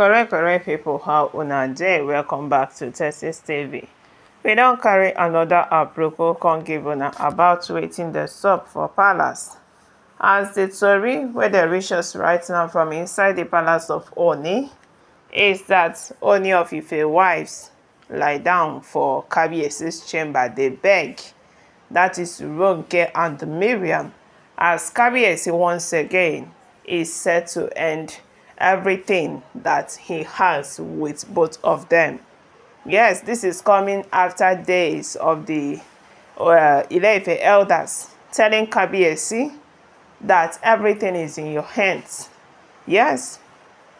correct correct people. how una dey welcome back to texas tv we don carry another aproko come give una about wetin dey sup for palace as the tori wey dey reach us right now from inside the palace of oni is that oni of ife wives lie down for kabiesi's chamber dey beg that is ronke and miriam as kabiesi once again is set to end everything that he has with both of them. Yes, this is coming after days of the uh, Ileife elders telling Kabiesi that everything is in your hands. Yes,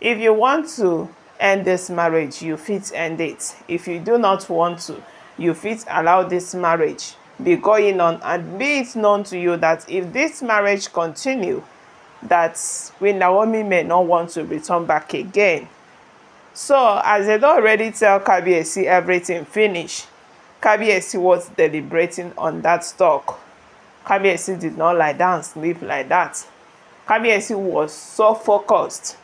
if you want to end this marriage, you fit end it. If you do not want to, you fit allow this marriage be going on and be it known to you that if this marriage continue, that we Naomi may not want to return back again. So, as they don't already tell Kabiesi everything finished, Kabiesi was deliberating on that talk. Kabiesi did not lie down sleep like that. Kabiesi was so focused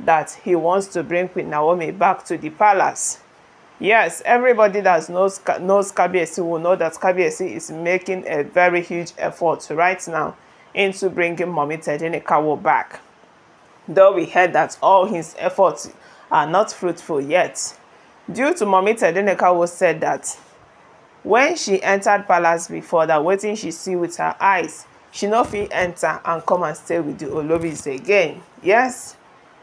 that he wants to bring Queen Naomi back to the palace. Yes, everybody that knows, knows Kabiesi will know that Kabiesi is making a very huge effort right now into bringing Mommy Tedinikawo back. Though we heard that all his efforts are not fruitful yet. Due to Mommy Tedinikawo said that when she entered palace before that wetin she see with her eyes she no fit enter and come and stay with the olobis again yes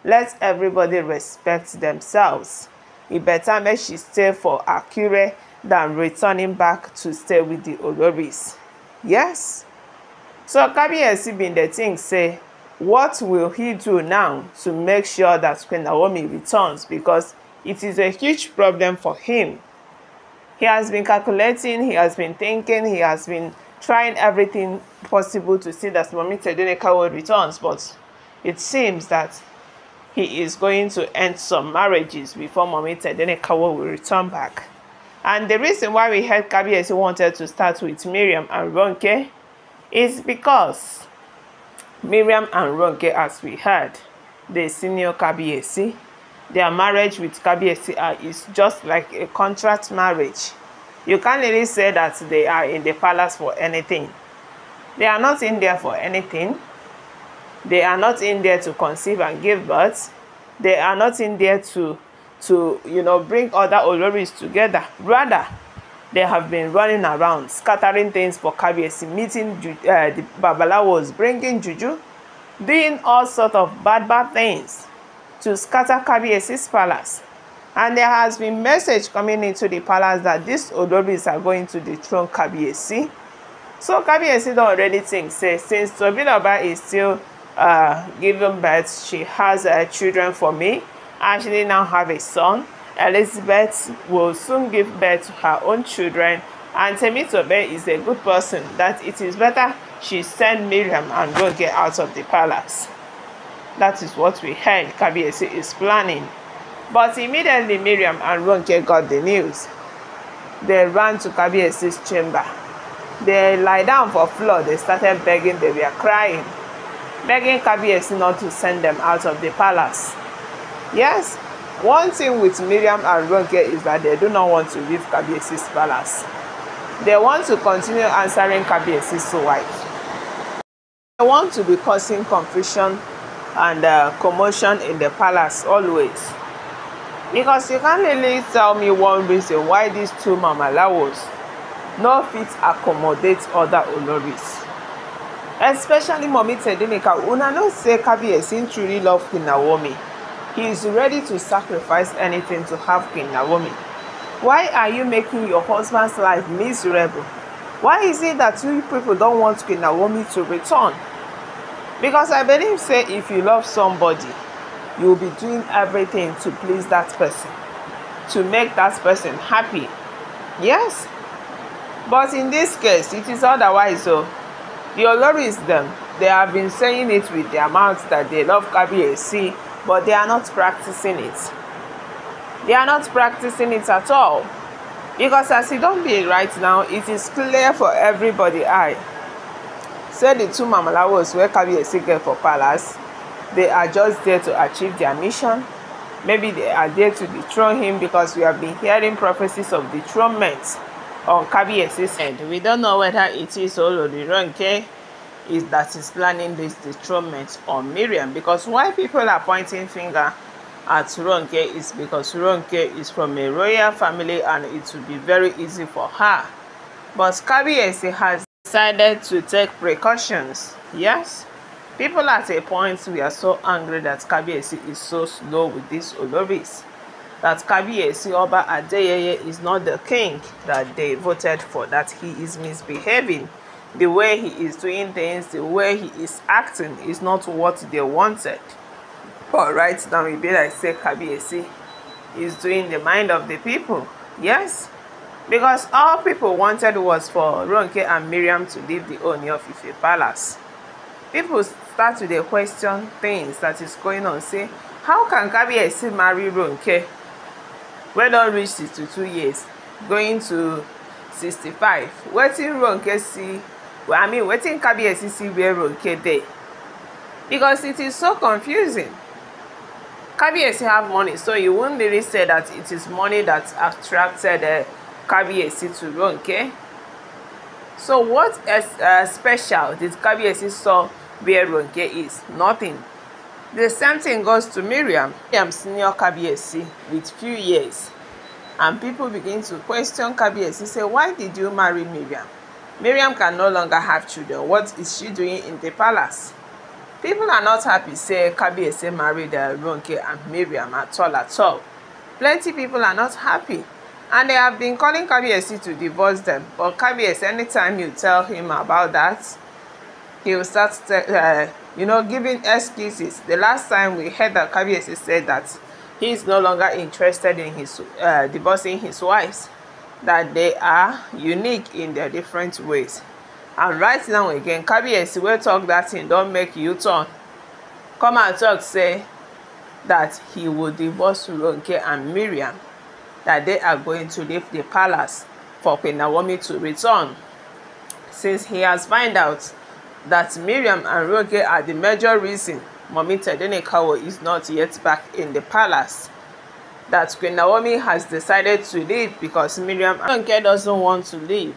let everybody respect themselves It e better make she stay for akure than returning back to stay with the olobis yes So Kabiyesi bin dey think say what will he do now to make sure that Queen Naomi returns because it is a huge problem for him. He has been calculating, he has been thinking, he has been trying everything possible to see that Mami Tedunekawo returns, but it seems that he is going to end some marriages before Mami Tedunekawo will return back. And the reason why we heard Kabiyesi wanted to start with Miriam and Ronke is because Miriam and Ronke, as we heard, the senior Kabiesi, their marriage with Kabiesi is just like a contract marriage. You can't really say that they are in the palace for anything. They are not in there for anything. They are not in there to conceive and give birth. They are not in there to, to you know, bring other Oloris together. Rather, They have been running around, scattering things for Kabiyesi, meeting uh, the Babalawos, bringing juju, doing all sorts of bad, bad things to scatter Kabiyesi's palace. And there has been message coming into the palace that these Odobis are going to dethrone Kabiyesi. So Kabiyesi don already think, say, since Tobiloba is still uh, giving birth, she has uh, children for me. actually now have a son. Elizabeth will soon give birth to her own children, and Temitope is a good person that it is better she send Miriam and go get out of the palace. That is what we heard Kabiesi is planning. But immediately Miriam and Ronke got the news. They ran to Kabiesi's chamber. They lie down for floor. They started begging. They were crying, begging Kabiesi not to send them out of the palace. Yes, One thing with Miriam and Ronke is that they do not want to leave Kabiesi's palace. They want to continue answering Kabiesi's wife. They want to be causing confusion and uh, commotion in the palace always. Because you can't really tell me one reason why these two mamalawos no fit accommodate other oloris. Especially Mommy Tedinika, una know say Kabiesi truly love Queen Naomi. He is ready to sacrifice anything to have Queen Naomi. Why are you making your husband's life miserable? Why is it that you people don't want Queen Naomi to return? Because I believe, say, if you love somebody, you will be doing everything to please that person, to make that person happy. Yes? But in this case, it is otherwise. So, oh. the Oloris, them, they have been saying it with their mouths that they love Kabi but they are not practicing it. They are not practicing it at all. Because as it don't be right now, it is clear for everybody I said the two Mamalawos wey Kabiyesi get for palace, they are just there to achieve their mission. Maybe they are there to dethrone him because we have been hearing prophecies of dethronement on Kabiyesi's head. We don't know whether it is all or the wrong, okay? is that is planning this dethronement on Miriam because why people are pointing finger at Ronke is because Ronke is from a royal family and it would be very easy for her. But Kabiyesi has decided to take precautions. Yes, people at a point we are so angry that Kabiyesi is so slow with these Oloris. That Kabiyesi Oba Adeyeye is not the king that they voted for, that he is misbehaving the way he is doing things, the way he is acting is not what they wanted. But right now, it be like say Kabiesi is doing the mind of the people. Yes, because all people wanted was for Ronke and Miriam to leave the Ooni of Ife palace. People start to question things that is going on say how can Kabiesi marry Ronke We don't reach sixty-two years going to sixty-five wetin Ronke see well, I mean, wetin Kabiyesi see where Ronke dey? Because it is so confusing. Kabiyesi have money, so you won't really say that it is money that attracted uh, Kabiyesi to okay? So what is uh, special did Kabiyesi saw where Ronke is? Nothing. The same thing goes to Miriam. Miriam senior Kabiyesi with few years. And people begin to question Kabiyesi, say, why did you marry Miriam? Miriam can no longer have children. What is she doing in the palace? People are not happy, say Kabiyesi married uh, Ronke and Miriam at all at all. Plenty people are not happy. And they have been calling Kabiyesi to divorce them. But Kabiyesi, anytime you tell him about that, he will start, uh, you know, giving excuses. The last time we heard that Kabiyesi said that he is no longer interested in his uh, divorcing his wife that they are unique in their different ways and right now again kabiyesi wey talk that thing Don't make u-turn come and talk say that he will divorce ronke and Miriam. that they are going to leave the palace for queen naomi to return since he has find out that Miriam and ronke are the major reason Mummy Tedinika is not yet back in the palace that Queen Naomi has decided to leave because Miriam Adonke doesn't want to leave.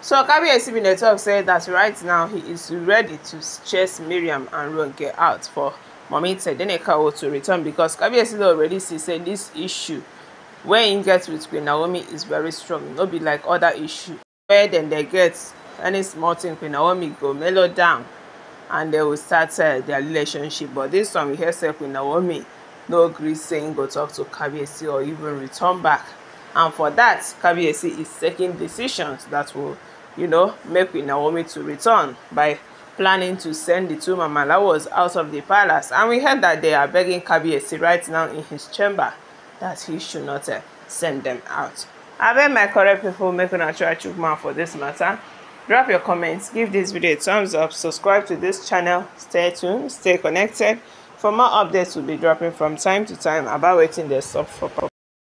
So Kabiyesi bin talk said that right now he is ready to chase Miriam and Ronke out for Mummy Tedenekawo to return because Kabiyesi already see say this issue where he gets with Queen Naomi is very strong, no be like other issue where then they get any small thing Queen Naomi go mellow down and they will start uh, their relationship. But this one we hear say Queen Naomi no gree saying go talk to Kabiesi or even return back. And for that, Kabiesi is taking decisions that will, you know, make Naomi to return by planning to send the two Mamalawas out of the palace. And we heard that they are begging Kabiesi right now in his chamber that he should not uh, send them out. I beg my correct people make an actual chukma for this matter. Drop your comments, give this video a thumbs up, subscribe to this channel, stay tuned, stay connected. For more updates we'll be dropping from time to time about wetin dey sup for